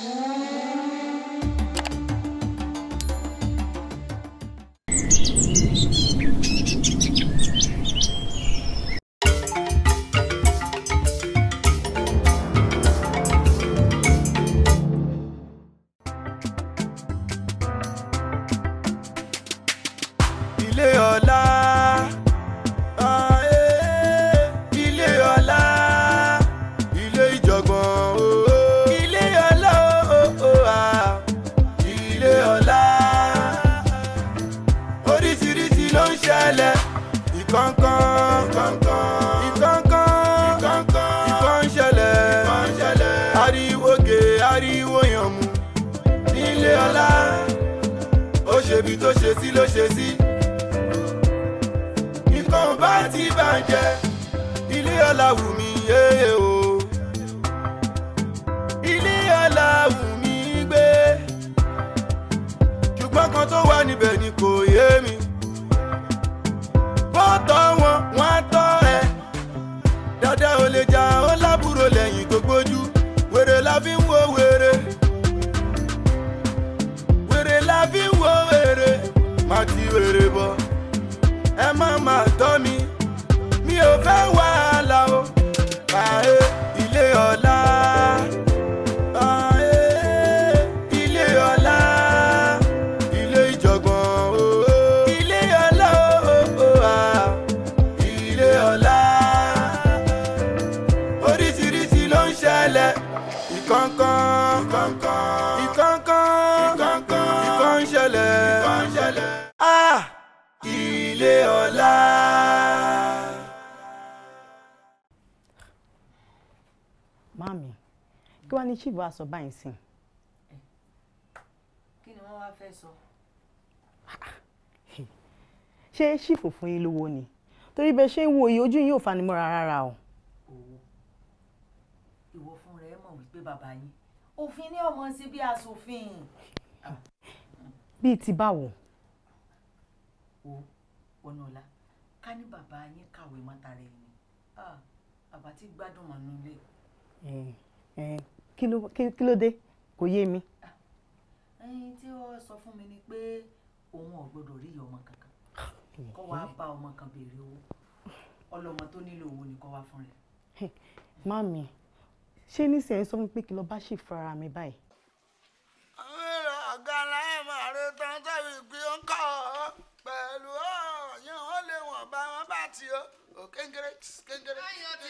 Thank you. ṣe ọlá ó ṣe bí tó ṣe sí ló ṣe sí. nǹkan bá ti bàjẹ́ ilé ọlá wù mí yéé o ilé ọlá wù mí gbé ṣùgbọ́n kan tó wà níbẹ̀ ni kò yé mi. má ti wèrè bọ̀ ẹ má má tọ́ mi mi ò fẹ́ wá. ní chibu aṣọ báyìí sìn. kí ni wọ́n wá fẹ́ sọ. ṣé ṣìfù fún yín lówó ni torí bẹ́ẹ̀ ṣe ń wo iye ojú yín ò fanimọ́ra rárá o. ìwọ fún rẹ mọ̀ wípé bàbá yín òfin ní ọmọ sí bí aṣòfin. bíi ti báwo. o ọ̀nà ọ̀la ká ní bàbá yín kàwé mọ́tara ẹni ah, àbá tí gbádùn mọ́ nílé kí ló kí ló dé kò yé mi. ẹyin tí ó sọ fún mi ni pé òun ò gbọdọ̀ rí ọmọ kankan kó wàá bá ọmọ kan béèrè owó ọlọmọ tó nílò owó ni kó wàá fún rẹ. mami ṣé nísìnyí sọ fún mi pé kí lọ bá ṣì fara mi báyìí kéńkéré kéńkéré.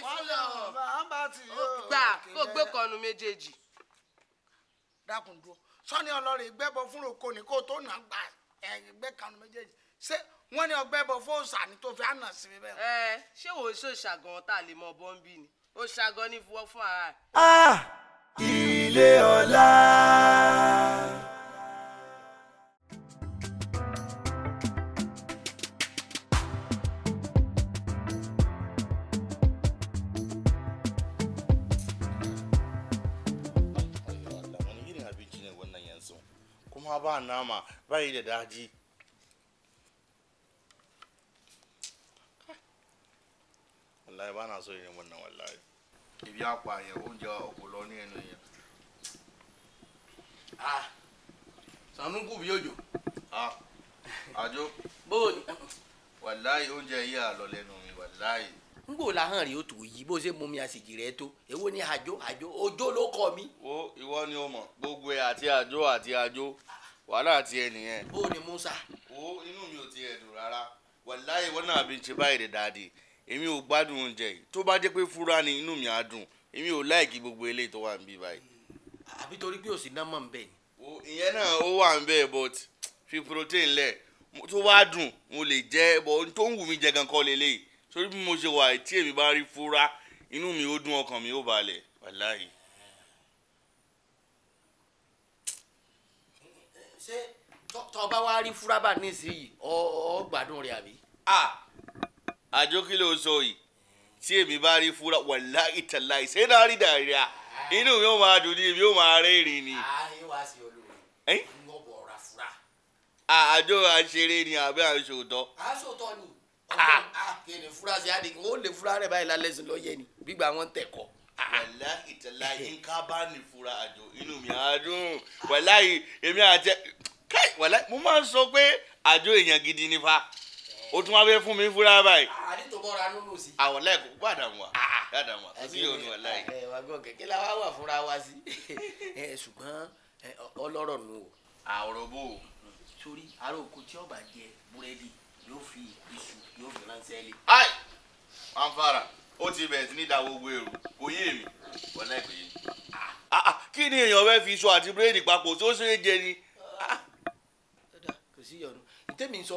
wọ́n lọ bàbáàtì yóò. gbà kó gbé kọnu méjèèjì. dákun dúró sọ́ni ọlọ́rin gbẹ́bọ fún roko ni kó tó nà gbà ẹ̀gbẹ́ kanu méjèèjì ṣé wọ́n ní ọgbẹ́bọ fóòsà ni tó fi àná sí mi bẹ́ẹ̀. ẹ ṣé wo ṣó ṣàgàn tá lè mọ bọ́ńbì ni ó ṣàgàn ní fúwọ́ fún ara. Ah! ilé ọlá. ba nama ba yi da daji wallahi ba na so yin wannan wallahi ibi akwa yẹ oúnjẹ ọpọlọ ní ẹnu yẹn ah sanu bi ojo ah ajo bó wàláyé oúnjẹ yìí àlọ lẹ́nu mi wàláyé. n gbò lahàn rí o tù yí bó ṣe mú mi àsìkò rẹ tó èwo ni ajo ajo ojo lo kọ mi. wo iwo ni o mọ gbogbo ẹ àti àjò àti àjò wàhálà ti ẹ nìyẹn. bó o ní Musa. wo inú mi ò ti ẹ̀ dùn rárá wàláyé wọn náà bí n ṣe báyìí dáadé èmi ò gbádùn oúnjẹ yìí tó bá jẹ́ pé fúra ni inú mi á dùn èmi ò láìkí gbogbo eléyìí tó wà níbí báyìí. àbí torí pé òsì náà mọ̀ ń bẹ̀ ìyẹn náà ó wà ń bẹ̀ but fi protein lẹ̀ tó wá dùn mo lè jẹ́ bọ̀ tó ń wù mí jẹ gan kọ́ lélẹ́yìí torí bí mo ṣe wà tí èmi bá rí fúra inú mi ó dùn ọkàn mi ó balẹ̀ wàláyé. ṣé tọ́ bá wá rí fúrábà nísìnyí ọ gbádùn rẹ̀ àbí. àjọ kí ló sọ yìí tí èmi bá rí fúra wàlá ìtàlá ìṣe náà rí dàríà inú mi ò máa dùn ní èmi ò máa rẹ́rìn ni. àjọ àṣeré ni àbí àṣòótọ́. àṣòótọ́ ni ọ̀gbìn àkèrè fúra sí àdìgún ó lè fúra rẹ̀ báyìí lálẹ́ sí lọ́yẹ̀ ni gbígbà wọn tẹ̀ wàláhì tẹ̀lá yín ká bá ní fura àjò inú mi á dùn ah. wàláhì èmi àti kai wàláhì mo máa ń sọ pé àjò èèyàn gidi ni fa eh. o tún wá fẹ́ fún mi fúra báyìí. àdé ah, tó bọ́ra lóru sí. àwọ̀lẹ́ ah, kò gbọ́ àdàmú wa àdàmú wa kò sí yóò nu wàláhì. ẹ wá gbọ́ kẹ̀kẹ́ la wá wà fúnra wa sí ẹ eh, ṣùgbọ́n eh, ọlọ́rọ̀ nù o. bò ó. sórí ará tí ọba jẹ búrẹ́dì yóò fi iṣu yóò fi ránṣẹ́ lé. ai wọ́n fara. ó ti bẹ̀rẹ̀ sí ah. Ah, ah, kí ni èèyàn fẹ́ fi iṣu àti búrẹ́dì papọ̀ tó ṣe ni. kò sí ìyọnu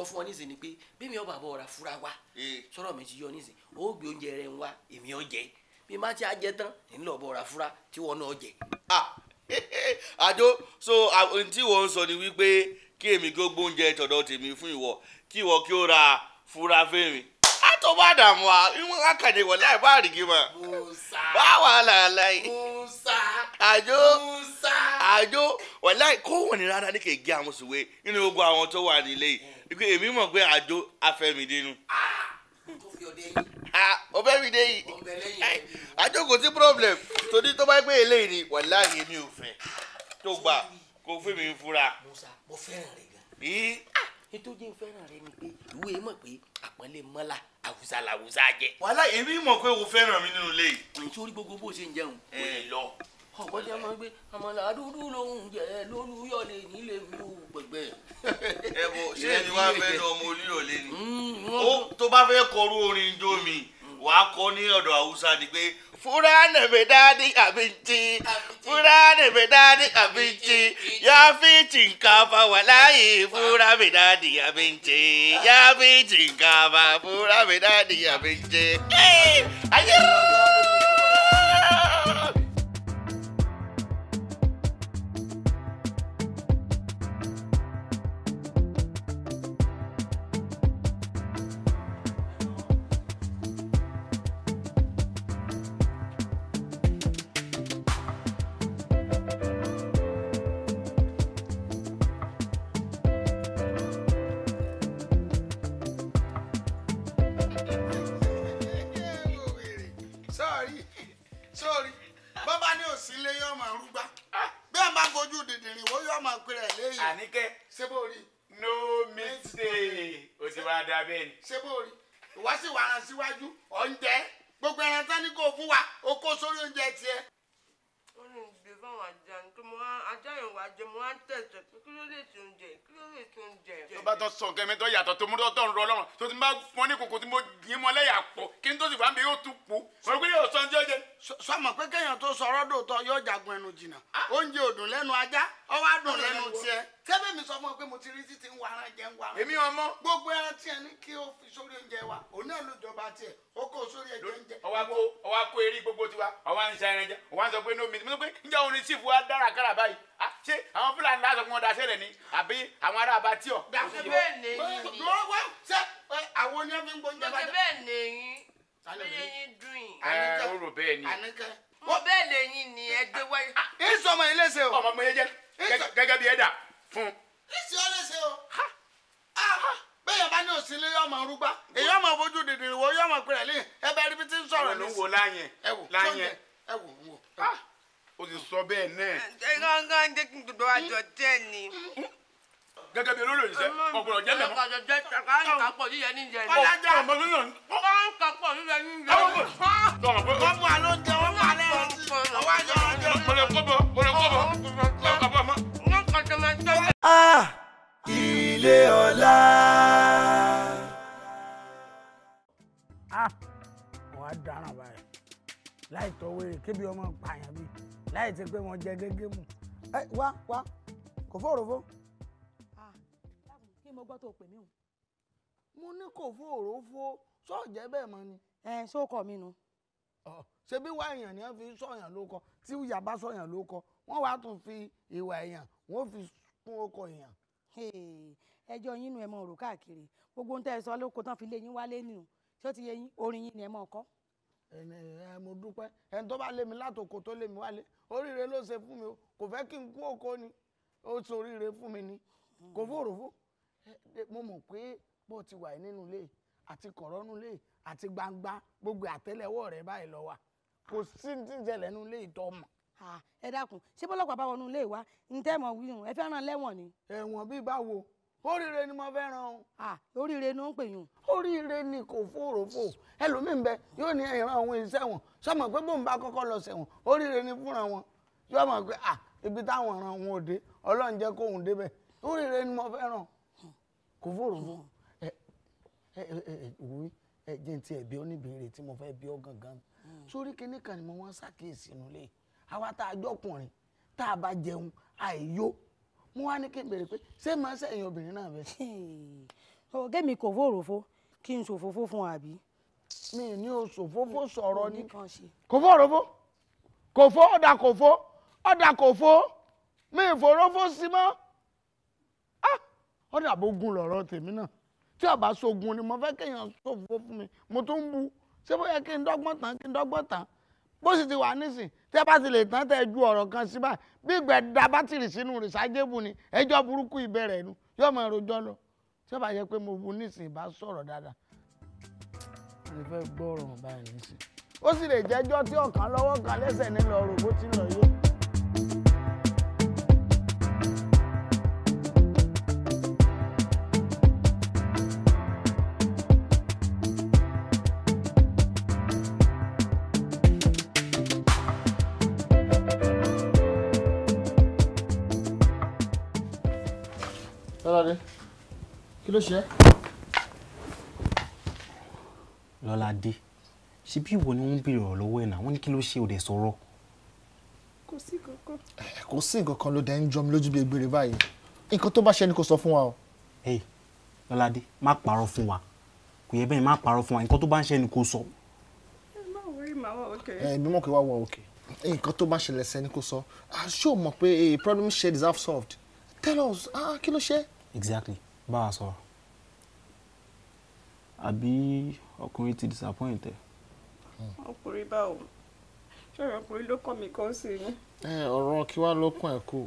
fún ọ ni pé bí mi ò bàbá ọ̀rà fura wa eh. sọ̀rọ̀ mi ti yọ nísìnyí ó gbé oúnjẹ rẹ̀ ń wá èmi ò jẹ bí má ti á jẹ tán ń lọ ọ̀rà fura tí wọn náà jẹ. àjọ so ohun tí wọ́n ń sọ ni wípé kí èmi kí ó gbóúnjẹ tọ̀dọ̀ tèmi fún ìwọ kí ìwọ kí ó ra to ba damuwa in haka ne wallahi ba rigima ba wahala wallahi ajo ajo wallahi kowane rana nake gya musu we inú ogun àwọn tó wà nílé yìí èmi mọ̀ pé ajo afẹ́midínú. ọbẹ̀midé yìí ajo kò sí problem torí tó bá gbé eléyìí ni wallahi èmi ò fẹ́ tó gbà kó fún mi fura. mo fẹ́ràn rẹ̀ gan nítorí fẹ́ràn rẹ ni pé ìwé mọ̀ pé àpọ́nlé mọ́lá àwùsá làwùsá jẹ. wàhálà èmi mọ̀ pé o fẹ́ràn mi nínú ilé yìí. nítorí gbogbo bó ṣe ń jẹun kò lè lọ. ọ̀pọ̀ jẹ́ mọ́ pé àmàlà dúdú lòún jẹ lólúyọ̀lé nílé mi ò gbẹ̀gbẹ̀. ẹ bọ ṣé ẹni wàá fẹ́ lọ ọmọ olúyọ̀lé ni. Hmm, tó bá fẹ́ kọrú orin jó mi wàá kọ́ ní ọ̀dọ̀ haúsá ni pé fúra nẹ̀mẹ̀ dáadé àbí ti fúra nẹ̀mẹ̀ dáadé àbí ti yá fi tì nǹkan fa wà láàyè fúra mi dáadé àbí ti nǹkan fa fúra mi dáadé àbí ayé. bá tán sọ nǹkan mẹ́tọ́ yàtọ̀ tó mú tọ́ ń rọ ọlọ́run tó ti bá fún ní kòkó tí mo yín mọ́ lẹ́yà pọ̀ kí n tó sì fàmì yóò tún kú. mo gbé yóò sọ ọjọ́ jẹ. sọmọ pé kéèyàn tó sọ ọrọ́dọ̀ tọ yóò jagun ẹnu jìnnà ah. oúnjẹ ò dùn lẹ́nu ajá ọwọ́ á dùn lẹ́nu tiẹ̀. sẹ́bẹ̀ mi sọ fún ọ pé mo ti rí títí ń waran jẹ ń waran. èmi ọmọ. gbogbo ẹran tí ẹ ní kí ó fi sórí oúnjẹ wa òun náà ló jọba tiẹ̀ ó kó sórí ẹ̀jẹ̀ ń jẹ. ọwọ́ kó ọwọ́ kó eré gbogbo tiwa ọwọ́ à ń sa ẹran jẹ ọwọ́ à pé ní omi tí mo sọ pé ń jẹ́ orin sífù wa dára kára báyìí ah, ṣé àwọn fúlàní láti wọn daṣẹ́ rẹ̀ ni àbí àwọn ará bá tí ọ. gbàgbé bẹ́ẹ̀ ni yìí. ṣé àwọn oníyàn fi ń gbóúnjẹ bá dé. gbàgbé bẹ́ẹ̀ ni yìí. bẹ́ẹ̀ yín dùn yìí. ẹ ń rò bẹ́ẹ̀ ni. mo bẹ́ẹ̀ lè yín ni ẹ gbé wáyé. ìsọ ah, ah, ọmọ yìí léṣe o. ọmọ mi yẹn jẹ gẹ́gẹ́ bí ẹ̀dà fún. ìsì ọ léṣe o. Ah, bẹ́ẹ̀ bá ní òsì lé yọmọ rúgbà èyí ọmọ fojú dìdìrì wo yọmọ pẹ̀lẹ́ ẹ bẹ́ẹ̀ rí bí ti ń sọ̀rọ̀ ní. ẹ wò láyẹn láyẹn ẹ wò ń wò o sì sọ bẹ́ẹ̀ náà. ẹ gángan jẹ́ kí n gbogbo àjọ jẹ́ ni. gẹ́gẹ́ bí olórí ìṣe ọ̀gbọ̀n jẹ́ mẹ́mọ́. ọ̀gbọ̀n jẹ́ kọ́ńkà yíyẹ ní jẹ. kọ́lájà kọ́ńkà pọ̀ yíyẹ ní jẹ. wọ́n mú àlọ́ jẹ wọ́n mú ah! ilé ọlá. Ah! wàá dáràn báyìí láì tọ́wé kébí ọmọ pààyàn bíi láì ti pé wọ́n jẹ gégé mu ẹ wá wá kò fòròfó. Ah, kí mo gbọ́ tó pè mí o. mo ní kò fòròfó sọ́ọ̀jẹ́ bẹ́ẹ̀ mọ ni. ẹ sókọ mi nu. ṣé bí wá èèyàn ni wọ́n fi sọ̀yàn ló kọ tí ìyá bá sọ̀yàn ló kọ wọ́n wá tún fi ìwà èèyàn wọ́n fi kún ọkọ èèyàn. ẹjọ́ yín nu ẹ mọ òrò káàkiri gbogbo ohun tẹ́ ẹ sọ ló kó tán fi lé yín wálé nù ṣé ó ti yẹ yín orin yín ni ẹ mọ ọkọ. ẹ mo dúpẹ́ ẹni tó bá lé mi látòkò tó lé mi wálé oríire ló ṣe fún mi o kò fẹ́ kí n kú òkó ni ó ṣe oríire fún mi ni kò fòròfó mo mọ̀ pé bó ti wà nínú ilé àti kọ̀rọ̀ ilé àti gbangba gbogbo àtẹ́lẹwọ́ rẹ̀ báyìí lọ wà kò sí ti jẹlẹ̀ nínú ilé ìtọ́ mọ̀. ẹ dákun ṣé bọ́lọ́pàá bá wọnú ilé wa ntẹ́ mọ̀ wíwọ̀n ẹ fẹ́ràn lẹ́wọ̀n ni. ẹ̀wọ̀n bíi báwo oríire ni mo fẹ́ràn o. oríire ni ó ń pè yín. oríire ni kò fòròfò ẹlòmíín bẹ yóò ní ìran òun iṣẹ́ wọn sọmọ pé bóun bá kọ́kọ́ lọ sẹ̀wọ̀n oríire ni fúnra wọn yóò mọ̀ pé ibi táwọn ran òun ò dé ọlọ́run jẹ́ kóun débẹ̀ oríire ni mo fẹ́ràn kò fòròfò ẹ ẹ ẹ wí ẹ jẹ́ ti ẹ̀bí oníbèrè tí mo fẹ́ bí ọ gangan sórí kinní kan ni mo wọ́n ṣàkíyèsí nulẹ̀ àwa tá a jọkùnrin tá a bá jẹun àìyó mo wá ní kí n béèrè pé ṣé màá sẹ́yìn obìnrin náà bẹ́ẹ̀. ọ̀gẹ́ mi kò fòròfó kí n ṣòfófó fún wa àbí. mi ní o ṣòfófó sọ̀rọ̀ ni kò fòròfó kò fó ọ̀dà kò fó ọ̀dà kò fó mi ìfòròfó sí mọ́ ah! ọ̀dà bó gun lọ̀rọ̀ tèmi náà tí ọba ṣogun ni mo fẹ́ kéèyàn ṣòfófó fún mi mo tó ń bu ṣé bóyá kí n dọ́gbọ́n tán kí n dọ́gbọ́n tán bó sì ti wà nísìn tẹ́ bá ti lè tán tẹ́ ju ọ̀rọ̀ kan sí báyìí bí ìgbẹ́ da bátìrì sínú rìsájébù ni ẹjọ́ burúkú ìbẹ̀rẹ̀ nu yóò mọ èròjọ́ lọ tí ó bá yẹ pé mo bu nísìn ìbá sọ̀rọ̀ dáadáa mo fẹ́ gbọ́ ọ̀rọ̀ báyìí nísìn ó sì lè jẹ́jọ́ tí ọ̀kan lọ́wọ́ kan lẹ́sẹ̀ nílò ọ̀rọ̀ bó ti lọ yóò. ló ṣe. lọ́ládé ṣe bí ìwọ ni wọ́n ń béèrè ọ̀rọ̀ lọ́wọ́ ẹ̀ náà wọ́n ní kí ló ṣe òde sọ̀rọ̀. kò sí kankan. kò sí kankan ló dẹ̀ ń jọ mi lójú bí egbèrè báyìí nǹkan tó bá ṣe ni kò sọ fún wa o. ẹ lọ́ládé má parọ́ fún wa kò yẹ bẹ́ẹ̀ má parọ́ fún wa nǹkan tó bá ń ṣe ni kò sọ. ẹ má wọrí màá òkè. ẹ bí mọ̀ kí wàá òkè nǹkan tó bá ṣẹlẹ̀ sẹ́ni kò sọ eh, tell us ah kí ló exactly bá a àbí ọkùnrin ti disappoint ẹ. ọkùnrin báwo ṣọ̀rọ̀ ọkùnrin ló kọ́ mi kan sí i. ọ̀rọ̀ kí wàá ló kún ẹ̀ kú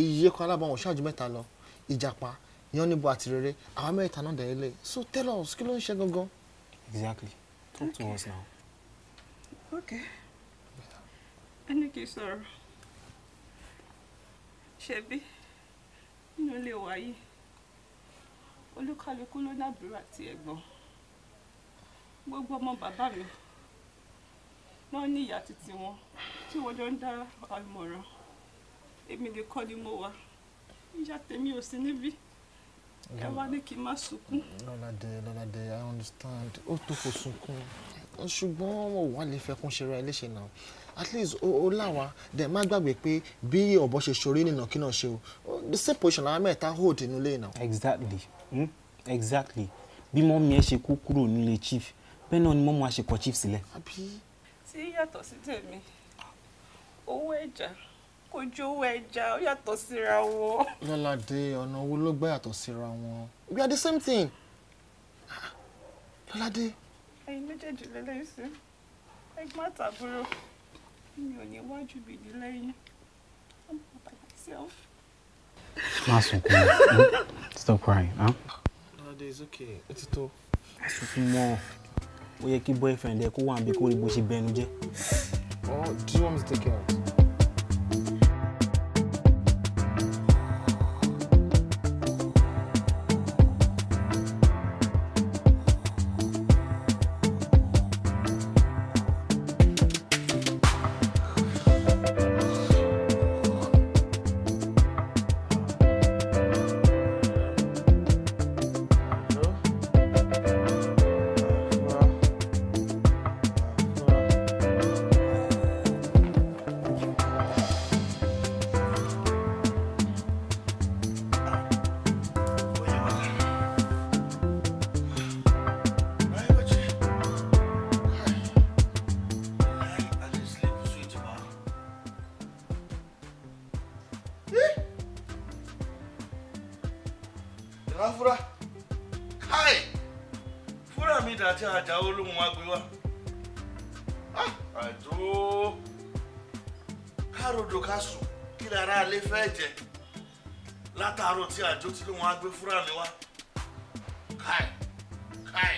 iye kan alábọ̀n òṣáájú mẹ́ta lọ ìjàpá yan níbo àti rere àwọn mẹ́ta náà dẹ̀ ilé so tell us kí ló ń ṣe gangan. exactly talk to us now. okay ẹni kì í sọ̀rọ̀ ṣebí nínú ilé wa yìí olúkálukú ló lábúrò àti ẹ̀gbọ́n gbogbo ọmọ bàbá mi náà ní ìyá títí wọn tí wọ́n jọ ń dá àmọ̀ràn èmi nìkan ni mo wà ìyá tèmi ò sí níbí ẹ wá ní kí n má sunkún. lọ́ládé lọ́ládé i understand ó tó kò sunkún ṣùgbọ́n wọn ò wá lè fẹ́ kún ṣera ẹlẹ́ṣẹ̀ náà at least ó láwa dẹ̀ má gbàgbé pé bí ọ̀bọ ṣe ṣorí nìnà kí náà ṣe o the same position làwọn mẹ́ta hold inú náà. exactly. Hmm? exactly bí mọ́mí ẹ ṣe kú kúrò nílé chief bẹ́ẹ̀ náà ni mọ́mú a ṣe chief sílẹ̀. tí yàtọ̀ sí tèmi owó ẹja kò ju owó ẹja ó yàtọ̀ síra wọn. lọ́ládé ọ̀nà owó ló gbà yàtọ̀ síra wọn we are the same thing ah, lọ́ládé. ẹ̀yin méjèèjì lélẹ́yìn sí ẹgbẹ́ àtàbúrò mi ò ní iwájú mi ní lẹ́yìn i'm by myself. Má sunkún Stop crying. Huh? Nowadays, okay. it's too. tó. Má more. We Ó yẹ boyfriend ẹ kó wà be cool. rí bó ṣe bẹnu jẹ́. Oh, do you want me to take care of it? ìgbà wo ló mú wá gbé wá ah, àjò károdò ká sùn kí lára alẹ́ fẹ́ jẹ látàárọ̀ tí àjò tí ló wọn á gbé fúlàní wá káì káì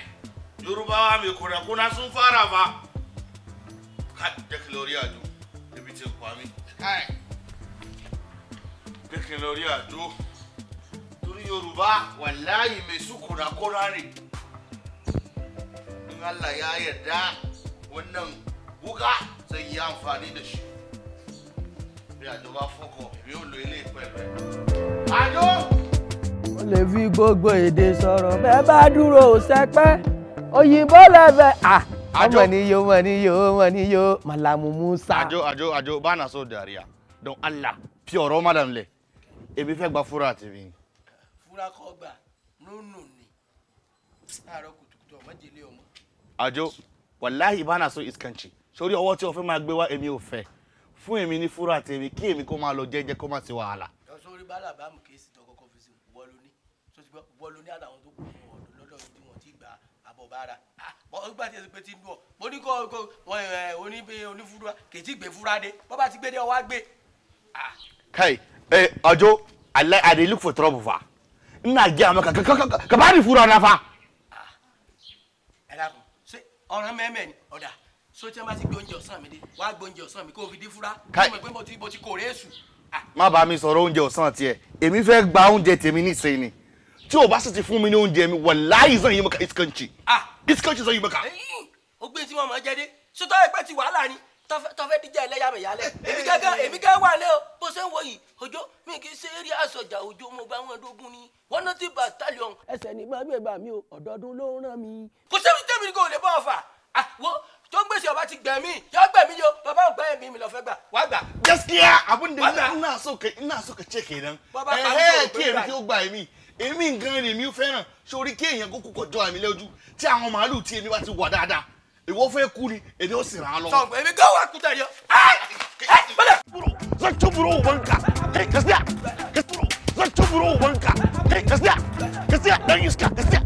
yorùbá wa mi kò rẹ̀ kó ná sún fara fa káì dẹ́kin lórí àjò ebi ti pa mí káì dẹ́kin lórí àjò torí yorùbá wàláyé mẹ́sùn kò rà kó rárìn in Allah ya yarda wannan wuka zai yi amfani da shi ìrìnàjọba fọkọ yóò lo ilé pẹ̀lẹ́. àjọ. ó lè fi gbogbo èdè sọ̀rọ̀ bẹ́ẹ̀ bá dúró sẹ́pẹ́ òyìnbó lẹ́fẹ̀ à ọmọ níyó ọmọ níyó ọmọ níyó malamu musa. àjọ àjọ àjọ so sọ dàríà don allah fi ọ̀rọ̀ madam lẹ̀ èmi fẹ́ gba fúra àti mi. fúra kọ́ gbà nínú ni láàárọ̀ kùtùkùtù ọmọ ọmọ àjọ wàláhì bá náà so ìsìkànchì sórí ọwọ́ tí wọ́n fẹ́ máa gbé wá èmi ò fẹ́ fún èmi ní fúra tèmi kí èmi kó máa lọ jẹ́jẹ́ kó má sí wàhálà. sórí bá làbámu kéésì tó kọ́kọ́ fi sí wọ́n lóní tó ti gbọ́ wọ́n àtàwọn tó kù wọn lọ́dọ̀ tí wọ́n ti gbà àbọ̀ bára ọgbà tí ẹ ti pé ti ń dùn ọ mo ní kọ́ onífúra kètí gbé fúra dé bọ́ bá ti gbé dé ọ wá gbé. kai ẹ ọjọ́ alẹ́ i dey look for trouble fa nna jẹ́ àmọ́ kàkàkàkà kàbáyé fúra náà fa ọ̀ràn mẹ́mẹ́ ni ọ̀dà so tí wọ́n bá ti gbé oúnjẹ ọ̀sán mi dé wàá gbé oúnjẹ ọ̀sán mi kó o fi dín fúra kó o mọ̀ pé mo ti mo ti kórè èṣù. má bàa mi sọ̀rọ̀ oúnjẹ ọ̀sán tiẹ̀ èmi fẹ́ gba oúnjẹ tèmi nísìnyí ni tí o bá sì ti fún mi ní oúnjẹ mi wallahi zan yìí mọ̀ká ìsìkànchì ìsìkànchì zan yìí mọ̀ká. ó gbé tí wọn mọ̀ jẹ́ dé ẹgbẹ́ ti wàhálà ni tọ́fẹ́ díjà ẹlẹ́yàmẹ̀yálẹ̀ èmi gẹ́gẹ́ èmi gẹ́gẹ́ wà lẹ́ o bó ṣe ń wo yìí òjò mi kì í ṣe eré àsọjà òjò mo bá wọn dógún ní one ninety battalion. ẹsẹ̀ ni máa gbé bá o ọ̀dọ́dún ló ń rán mi. kò sẹ́mi tẹ́mi kò lè bọ́ ọ̀fà àwo tó ń gbèsè ọba ti gbẹ̀mí yọ gbẹ̀mí yo bàbá ògbà ẹ̀mí mi lọ gbà wá gbà. gaskiya abun da ina so ka ina so ka ìwọ fẹ́ kú ni èdè ó sì rà á lọ. sọ èmi gán wà kúta yọ. zan ci buro ubanka kai ka siya zan ci buro ubanka kai ka siya ka siya dan iska ka siya.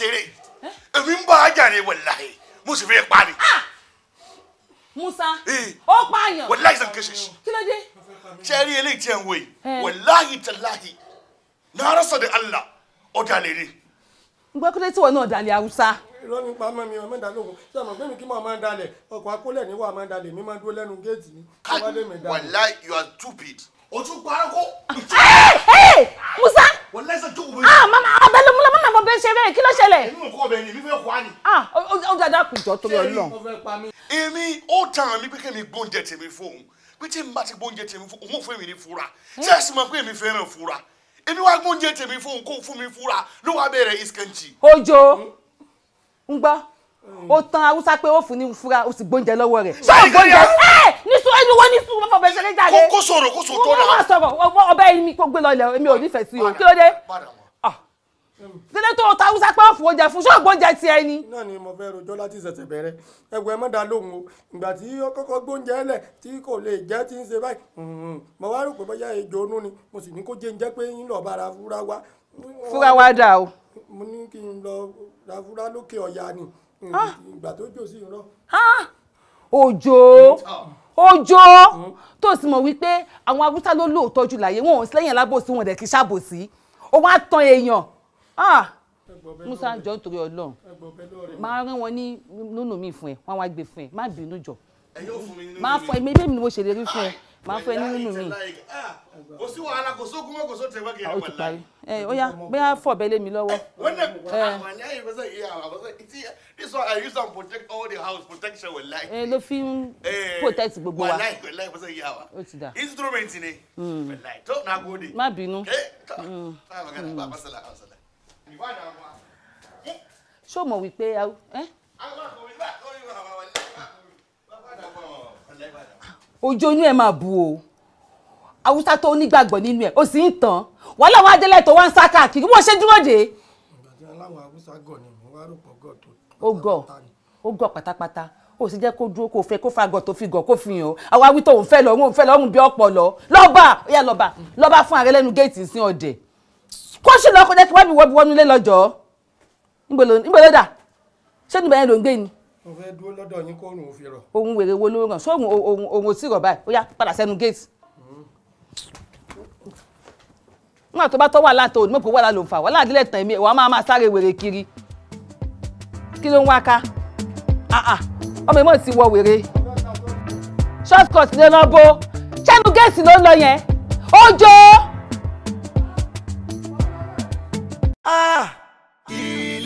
ṣeré èmi ń bá a jà ní mo sì fi ah! Musa ó pààyàn wàláhì sàn kẹsẹ̀ sí. kí ló dé. rí eléyìí tí ẹ ń wò yìí eh. náírà sọ̀dẹ̀ Allah ọ̀dà lèrè. gbẹ́kúndé tí wọn náà dalẹ̀ haúsá. irọ́ mi pa mọ́ mi ọmọ ìdálógún ṣé àmọ́ pé mi kí máa máa dalẹ̀ ọkọ̀ akólẹ̀ dalẹ̀ mi máa dúró lẹ́nu géètì ni. lọ bẹ ṣe bẹ́ẹ̀ kí ló ṣẹlẹ̀. èmi ò kọ́ ọbẹ̀ ni mi fẹ́ kọ́ á ni. ah ó dáadáa kù jọ torí Ọlọ́run. èmi ó tàn mí pé kẹ́mi gbóúnjẹ tèmi fóun pé tí mi bá ti gbóúnjẹ tèmi fóun òun ò fún èmi ní fura hmm. ṣé ẹ sì mọ̀ pé èmi fẹ́ràn fura èmi wá gbóúnjẹ tèmi fóun kó fún mi fura ló wá bẹ̀rẹ̀ ìskẹ̀ǹtì. ojo ń gbọ́ ó tan haúsá pé ó fún ní fura o sì gbóúnjẹ lọ́wọ́ rẹ̀. sọ gbóúnjẹ eh, ẹ nísú ẹni wọ́n nísú wọ́n fọwọ́ bẹ́sẹ̀ lẹ́jà rẹ̀. kó sọ̀rọ̀ kó sọ̀rọ̀ tó dáa. wọ́n wá sọ̀rọ̀ ọbẹ̀ mi kó gbé lọ ilẹ̀ mi ò nífẹ̀ẹ́ sí o kí ló dé kílé tó ta hausa pé ọ̀fù oúnjẹ fún ṣọ́ọ̀gbọ́n oúnjẹ tiẹ̀ ni. náà ni mo fẹ́ rojọ́ láti ṣẹ̀ṣẹ̀ bẹ̀rẹ̀ ẹgbẹ́ má dá o ìgbà tí ó kọ́kọ́ gbóúnjẹ ẹlẹ̀ tí kò lè jẹ́ tí ń ṣe báyìí mo wá rò pé bóyá ejò onú ni mo sì ní kó jẹ́ ń jẹ́ pé ń lọ bá ra fúra wá. fúra wá dà o. mo ní kí n lọ ra fúra lókè ọ̀yà ni ah! ìgbà tó jò sí irọ́. Ah! òjò òjò tó sì mọ̀ wípé àwọn haúsá ló lóòótọ́ jù láyé wọn ò sílẹ̀yìn alábòsí wọn dẹ̀ kì í ṣàbòsí ó wá tan èèyàn ah musa jọ nítorí Ọlọ́run máa rán wọn ní lónà mi fún ẹ wọn wá gbé fún ẹ má bínú jọ máa fọ ẹmí bẹ́ẹ̀ ni mo ṣèlérí fún ẹ máa fọ ẹ ní nínú mi. Ah, kò sí wàhálà kò sókun mọ́ kò só tẹ̀ wákìlì àwọn ìlànà. ẹ ó yá bóyá fọ bẹ́ẹ̀ lé mi lọ́wọ́. wọ́n dẹ̀ àwọn ní ayé fẹsẹ̀ yìí àwọn fẹsẹ̀ tí this I use am protect all the house protection wẹ̀ láì. ẹ ló fi ń eh, protect gbogbo wa. wàláì wàláì fẹsẹ̀ yìí àwa. ó ti instrument ni. wàláì tó nàgó má bínú. ẹ eh, tó ṣó mọ̀ wípé ojú oyún ẹ̀ máa bu o awúsá tó nígbàgbọ́ nínú ẹ̀ ó sì ń tàn wàhálà wọn adélẹ̀ tó wá ń sá káàkiri wọ́n ṣe dúró dé. ó gọ̀ ó gọ̀ pátápátá ó sì jẹ́ kó dúró kó fẹ́ kó fagọ̀ tó fi gọ̀ kó fi hàn àwa wí tóun fẹ́ lọ́rùn òun fẹ́ lọ́rùn bí ọ̀pọ̀ lọ lọ́ba ó yá lọ́ba lọ́ba fún ààrẹ lẹ́nu géètì sí ọ̀dẹ̀ kó ṣe lọ kó jẹ́ kí wọ́n mi wọ́bi wọ́nú ilé lọ́jọ́ níbo ló dà ṣé níbo yẹn ló ń gbé ni. mo fẹ́ dúró lọ́dọ̀ yín kó òun ò fi rọ̀. ohun wèrè wo ló ràn sóhun òun ò tí rọ̀ báyìí ó yá padà sẹ́nu gate. nígbà tó bá tọ́ wà látò ní mọ̀pọ̀ wà lálò ń fà wà ládìlẹ̀ tàn mí wà á máa máa sáré wèrè kiri kí ló ń wá ká ah, ah. ọmọ ìmọ̀ ti wọ wèrè short cut ló lọ bó sẹ́nu gate ló ń lọ yẹn ó jó.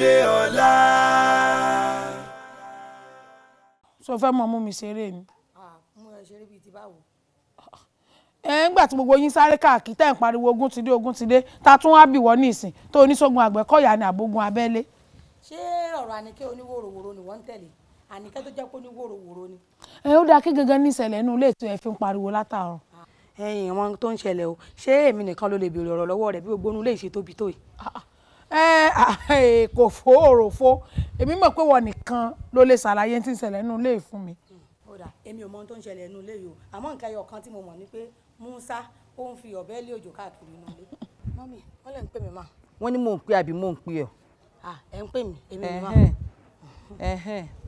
ilé ọlá. sọ fẹ́ mọ mú mi ṣeré ni. Ah, mú ẹ ṣeré bíi ti báwo. ẹ ń gbà tí gbogbo yín sáré káàkiri tẹ́ ń pariwo ogun ti dé ogun ti dé ta tún wá bìwọ́ ní ìsìn tó oníṣògùn àgbẹ̀kọ̀yà ni àbógun abẹ́lé. ṣé ọ̀rọ̀ àníkẹ́ oníwòròwòro ni wọ́n ń tẹ̀lé àníkẹ́ tó jẹ́ pé oníwòròwòro ni. ẹ ó dáa kí gangan ní ìṣẹ̀lẹ̀ inú ilé ètò ẹ̀ fi ń pariwo látàárọ̀ ah. ẹ̀yin wọn tó ń ṣẹlẹ̀ o ṣé èmi nìkan ló lè béèrè ọ̀rọ̀ lọ́wọ́ rẹ̀ bí gbogbo onú lè ṣe tóbi tó yìí. Ah, Eh, eh, kò fó òròfó èmi mọ̀ pé wọ́n nìkan ló lè ṣàlàyé tí ń ṣẹlẹ̀ nínú ilé fún mi. kódà èmi ò mọ ohun tó ń ṣẹlẹ̀ nínú ilé yìí o àmọ́ nǹkan ẹyọ kan tí mo mọ̀ ni pé Musa ó ń fi ọ̀bẹ lé òjò káàkiri inú ilé. mọ́mí wọ́n lè ń pè mí mà. wọ́n ní mò ń pè àbí mò ń pè ọ́. ẹ ń pè mí èmi mà.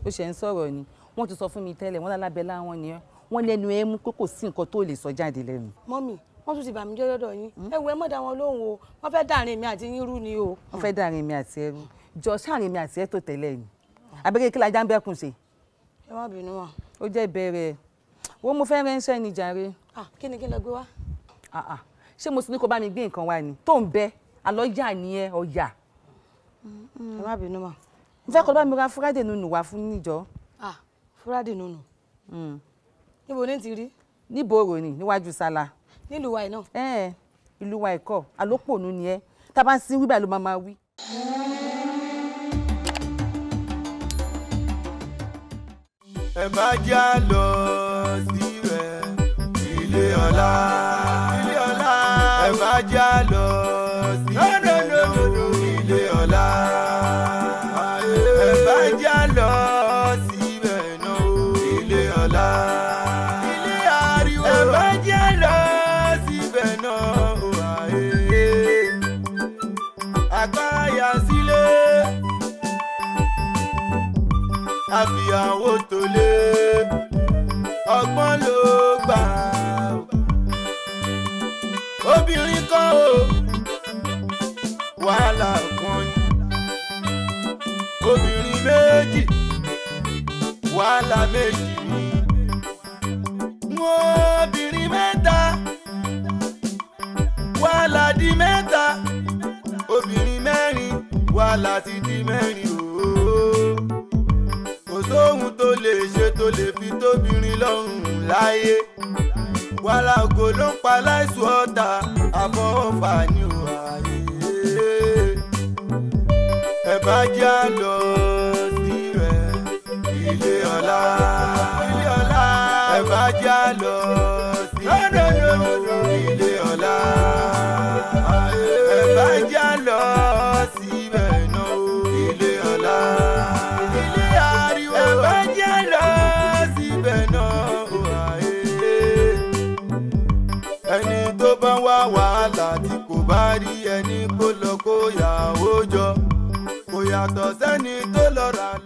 ó ṣe ń sọ̀rọ̀ ni wọ́n ti sọ fún mi tẹ́lẹ̀ wọ́n lálábẹ́ láwọn ni wọ́n lẹ́nu ẹ̀ mú pé kò sí nǹkan tó lè sọ jáde lẹ́nu. mọ́mí wọ́n tún ti bà mí jẹ́ lọ́dọ̀ yín hmm? ẹ wo ẹ mọ̀ dá wọn lóhùn o wọ́n fẹ́ dàrin mi àti yín rú ni o. wọ́n fẹ́ dàrin mi àti ẹrú jọ sáàrin mi àti ẹ tó tẹ̀lé yìí abẹ́rẹ́ kí lajá ń bẹ́kùn sí. ẹ má bínú wa. ó jẹ́ ìbẹ̀rẹ̀ wo mo fẹ́ ránṣẹ́ ni jàre. kí ni kí n lọ gbé wá. Ah, ah. ṣé mo sì ní kó bá mi gbé nǹkan wá ni tó ń bẹ àlọ́ yà ni ẹ ọ̀yà. ẹ má bínú wa. n fẹ́ kọ́ bá mi ra fúrádì nùnù wá fún níjọ́. fúrádì nùnù. Hmm. níbo ni ti rí. níbo rò ní níwájú sálà nílùú wa yìí náà. ẹ ìlú wa ẹkọ àlópònú ni ẹ tá a bá ń sin wíbà ló máa máa wí. ẹ má já lọ síbẹ̀ ilé ọlá ilé ọlá ẹ má já lọ. wàhálà méjì ni. wọ́n obìnrin mẹ́ta wàhálà di mẹ́ta obìnrin mẹ́rin wàhálà ti di mẹ́rin ooo. kò sóhun tó lè ṣe tó lè fi tóbìnrin lọ́rùn láyé wàhálà ògo ló ń pa láìsùn ọ̀tá àfọwọ́fà ni ò wáyé. ẹ bá jẹ́ àlọ́ ilé ọ̀la ilé ọ̀la ẹ má já lọ sí ilé ọ̀la ẹ má já lọ síbẹ̀ náà ilé ọ̀la ilé ariwo ẹ má já lọ síbẹ̀ náà ẹni tó bá wá wàhálà tí kò bá rí ẹni kó lọ kó yà jọ kò yàtọ̀ sẹ́ni tó lọ rà lọ.